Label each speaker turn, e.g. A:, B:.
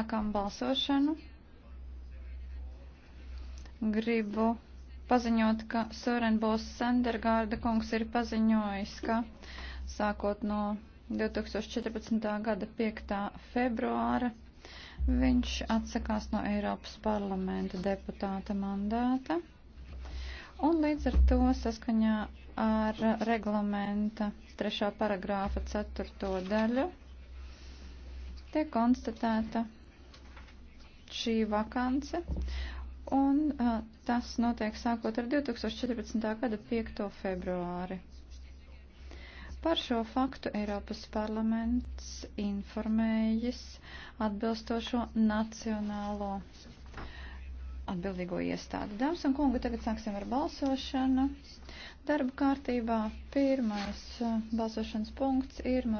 A: Sākam balsošanu. Gribu paziņot, ka Sorenbos Sendergārda kungs ir paziņojis, ka sākot no 2014. gada 5. februāra viņš atsakās no Eiropas parlamenta deputāta mandāta. Un līdz ar to saskaņā ar reglamenta 3. paragrāfa 4. daļu tiek konstatēta šī vakance. Un uh, tas notiek sākot ar 2014. gada 5. februāri. Par šo faktu Eiropas parlaments informējis atbilstošo nacionālo
B: atbildīgo iestādi.
A: Dāmas un kungi, tagad sāksim ar balsošanu. Darba kārtībā pirmais balsošanas
C: punkts ir.